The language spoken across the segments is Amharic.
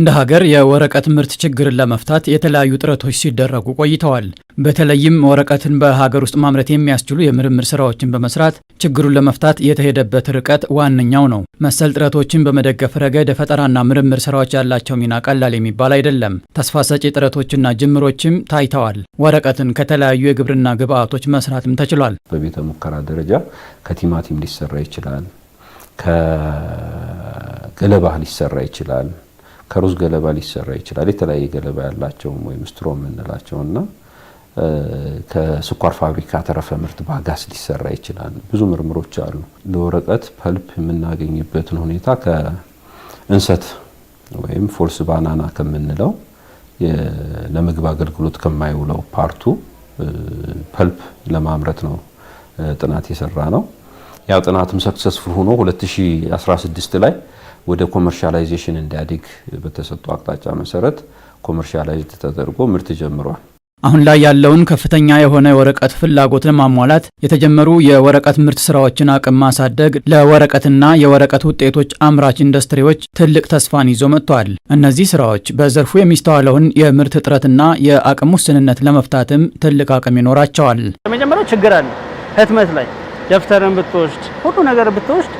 እንደ ሀገር የወረቀት ምርት ችግርን ለመፍታት የተለያዩ ጥረቶች ሲደረጉ ቆይተዋል። በተለይም ወረቀትን በሀገር ውስጥ ማምረት የሚያስችሉ የምርምር ስራዎችን በመስራት ችግሩን ለመፍታት የተሄደበት ርቀት ዋነኛው ነው። መሰል ጥረቶችን በመደገፍ ረገድ የፈጠራና ምርምር ስራዎች ያላቸው ሚና ቀላል የሚባል አይደለም። ተስፋ ሰጪ ጥረቶችና ጅምሮችም ታይተዋል። ወረቀትን ከተለያዩ የግብርና ግብአቶች መስራትም ተችሏል። በቤተ ሙከራ ደረጃ ከቲማቲም ሊሰራ ይችላል፣ ከገለባ ሊሰራ ይችላል ከሩዝ ገለባ ሊሰራ ይችላል። የተለያየ ገለባ ያላቸው ወይም ስትሮ የምንላቸው እና ከስኳር ፋብሪካ ተረፈ ምርት ባጋስ ሊሰራ ይችላል። ብዙ ምርምሮች አሉ። ለወረቀት ፐልፕ የምናገኝበትን ሁኔታ ከእንሰት ወይም ፎልስ ባናና ከምንለው ለምግብ አገልግሎት ከማይውለው ፓርቱ ፐልፕ ለማምረት ነው ጥናት የሰራ ነው። ያው ጥናትም ሰክሰስፉል ሆኖ 2016 ላይ ወደ ኮመርሻላይዜሽን እንዲያድግ በተሰጡ አቅጣጫ መሰረት ኮመርሻላይዝድ ተደርጎ ምርት ጀምሯል። አሁን ላይ ያለውን ከፍተኛ የሆነ የወረቀት ፍላጎት ለማሟላት የተጀመሩ የወረቀት ምርት ስራዎችን አቅም ማሳደግ ለወረቀትና የወረቀት ውጤቶች አምራች ኢንዱስትሪዎች ትልቅ ተስፋን ይዞ መጥቷል። እነዚህ ስራዎች በዘርፉ የሚስተዋለውን የምርት እጥረትና የአቅም ውስንነት ለመፍታትም ትልቅ አቅም ይኖራቸዋል። የመጀመሪያው ችግር አለ። ህትመት ላይ ደብተርን ብትወስድ ሁሉ ነገር ብትወስድ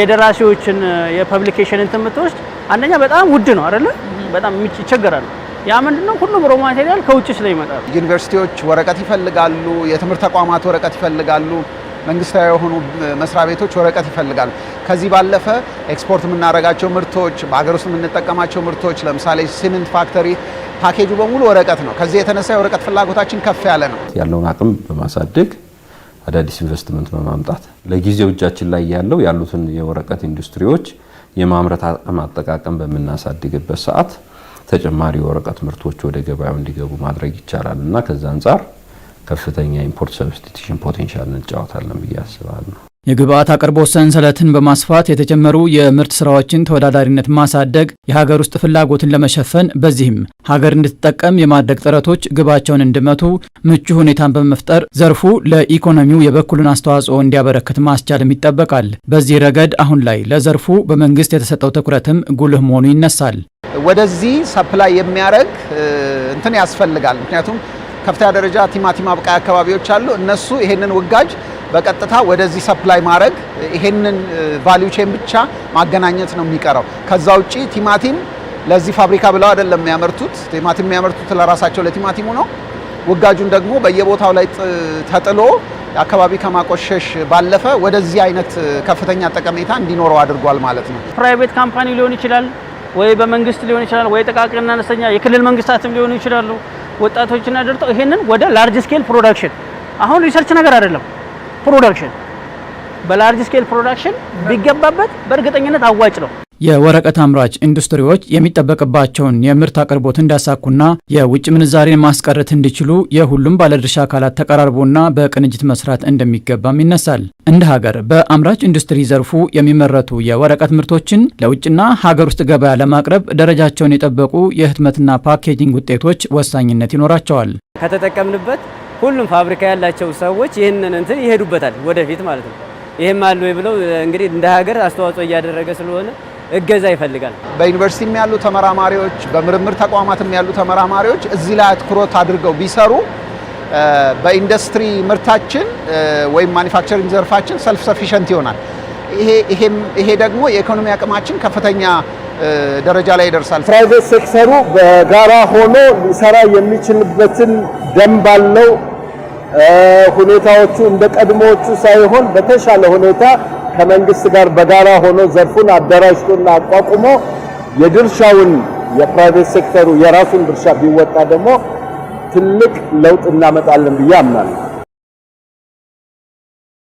የደራሲዎችን የፐብሊኬሽን እንትን አንደኛ በጣም ውድ ነው አይደለ? በጣም ይቸገራል። ያ ነው ሁሉም ሮ ማቴሪያል ከውጭ ስለሚመጣ ዩኒቨርሲቲዎች ወረቀት ይፈልጋሉ፣ የትምህርት ተቋማት ወረቀት ይፈልጋሉ፣ መንግስታዊ የሆኑ መስሪያ ቤቶች ወረቀት ይፈልጋሉ። ከዚህ ባለፈ ኤክስፖርት የምናደርጋቸው ምርቶች፣ በሀገር ውስጥ የምንጠቀማቸው ምርቶች ለምሳሌ ሲሚንት ፋክተሪ ፓኬጁ በሙሉ ወረቀት ነው። ከዚህ የተነሳ የወረቀት ፍላጎታችን ከፍ ያለ ነው። ያለውን አቅም በማሳደግ አዳዲስ ኢንቨስትመንት በማምጣት ለጊዜው እጃችን ላይ ያለው ያሉትን የወረቀት ኢንዱስትሪዎች የማምረት አቅም አጠቃቀም በምናሳድግበት ሰዓት ተጨማሪ የወረቀት ምርቶች ወደ ገበያው እንዲገቡ ማድረግ ይቻላል እና ከዛ አንጻር ከፍተኛ ኢምፖርት ሰብስቲቱሽን ፖቴንሻል እንጫወታለን ብዬ አስባለሁ። የግብአት አቅርቦት ሰንሰለትን በማስፋት የተጀመሩ የምርት ስራዎችን ተወዳዳሪነት ማሳደግ፣ የሀገር ውስጥ ፍላጎትን ለመሸፈን በዚህም ሀገር እንድትጠቀም የማድረግ ጥረቶች ግባቸውን እንዲመቱ ምቹ ሁኔታን በመፍጠር ዘርፉ ለኢኮኖሚው የበኩሉን አስተዋጽኦ እንዲያበረክት ማስቻልም ይጠበቃል። በዚህ ረገድ አሁን ላይ ለዘርፉ በመንግስት የተሰጠው ትኩረትም ጉልህ መሆኑ ይነሳል። ወደዚህ ሰፕላይ የሚያደርግ እንትን ያስፈልጋል። ምክንያቱም ከፍተኛ ደረጃ ቲማቲም አብቃይ አካባቢዎች አሉ። እነሱ ይሄንን ውጋጅ በቀጥታ ወደዚህ ሰፕላይ ማድረግ ይሄንን ቫልዩ ቼን ብቻ ማገናኘት ነው የሚቀረው። ከዛ ውጪ ቲማቲም ለዚህ ፋብሪካ ብለው አይደለም የሚያመርቱት። ቲማቲም የሚያመርቱት ለራሳቸው ለቲማቲሙ ነው። ውጋጁን ደግሞ በየቦታው ላይ ተጥሎ አካባቢ ከማቆሸሽ ባለፈ ወደዚህ አይነት ከፍተኛ ጠቀሜታ እንዲኖረው አድርጓል ማለት ነው። ፕራይቬት ካምፓኒ ሊሆን ይችላል ወይ በመንግስት ሊሆን ይችላል ወይ ጥቃቅንና አነስተኛ የክልል መንግስታትም ሊሆኑ ይችላሉ። ወጣቶችን አደርጠው ይሄንን ወደ ላርጅ ስኬል ፕሮዳክሽን አሁን ሪሰርች ነገር አይደለም ፕሮዳክሽን በላርጅ ስኬል ፕሮዳክሽን ቢገባበት በእርግጠኝነት አዋጭ ነው። የወረቀት አምራች ኢንዱስትሪዎች የሚጠበቅባቸውን የምርት አቅርቦት እንዳሳኩና የውጭ ምንዛሬን ማስቀረት እንዲችሉ የሁሉም ባለድርሻ አካላት ተቀራርቦና በቅንጅት መስራት እንደሚገባም ይነሳል። እንደ ሀገር በአምራች ኢንዱስትሪ ዘርፉ የሚመረቱ የወረቀት ምርቶችን ለውጭና ሀገር ውስጥ ገበያ ለማቅረብ ደረጃቸውን የጠበቁ የህትመትና ፓኬጂንግ ውጤቶች ወሳኝነት ይኖራቸዋል። ከተጠቀምንበት ሁሉም ፋብሪካ ያላቸው ሰዎች ይህንን እንትን ይሄዱበታል ወደፊት ማለት ነው። ይህም አሉ ብለው እንግዲህ እንደ ሀገር አስተዋጽኦ እያደረገ ስለሆነ እገዛ ይፈልጋል። በዩኒቨርሲቲም ያሉ ተመራማሪዎች፣ በምርምር ተቋማትም ያሉ ተመራማሪዎች እዚህ ላይ አትኩሮት አድርገው ቢሰሩ በኢንዱስትሪ ምርታችን ወይም ማኒፋክቸሪንግ ዘርፋችን ሰልፍ ሰፊሸንት ይሆናል። ይሄ ደግሞ የኢኮኖሚ አቅማችን ከፍተኛ ደረጃ ላይ ይደርሳል። ፕራይቬት ሴክተሩ በጋራ ሆኖ ሊሰራ የሚችልበትን ደንብ አለው። ሁኔታዎቹ እንደ ቀድሞዎቹ ሳይሆን በተሻለ ሁኔታ ከመንግስት ጋር በጋራ ሆኖ ዘርፉን አደራጅቶና አቋቁሞ የድርሻውን የፕራይቬት ሴክተሩ የራሱን ድርሻ ቢወጣ ደግሞ ትልቅ ለውጥ እናመጣለን ብዬ አምናለሁ።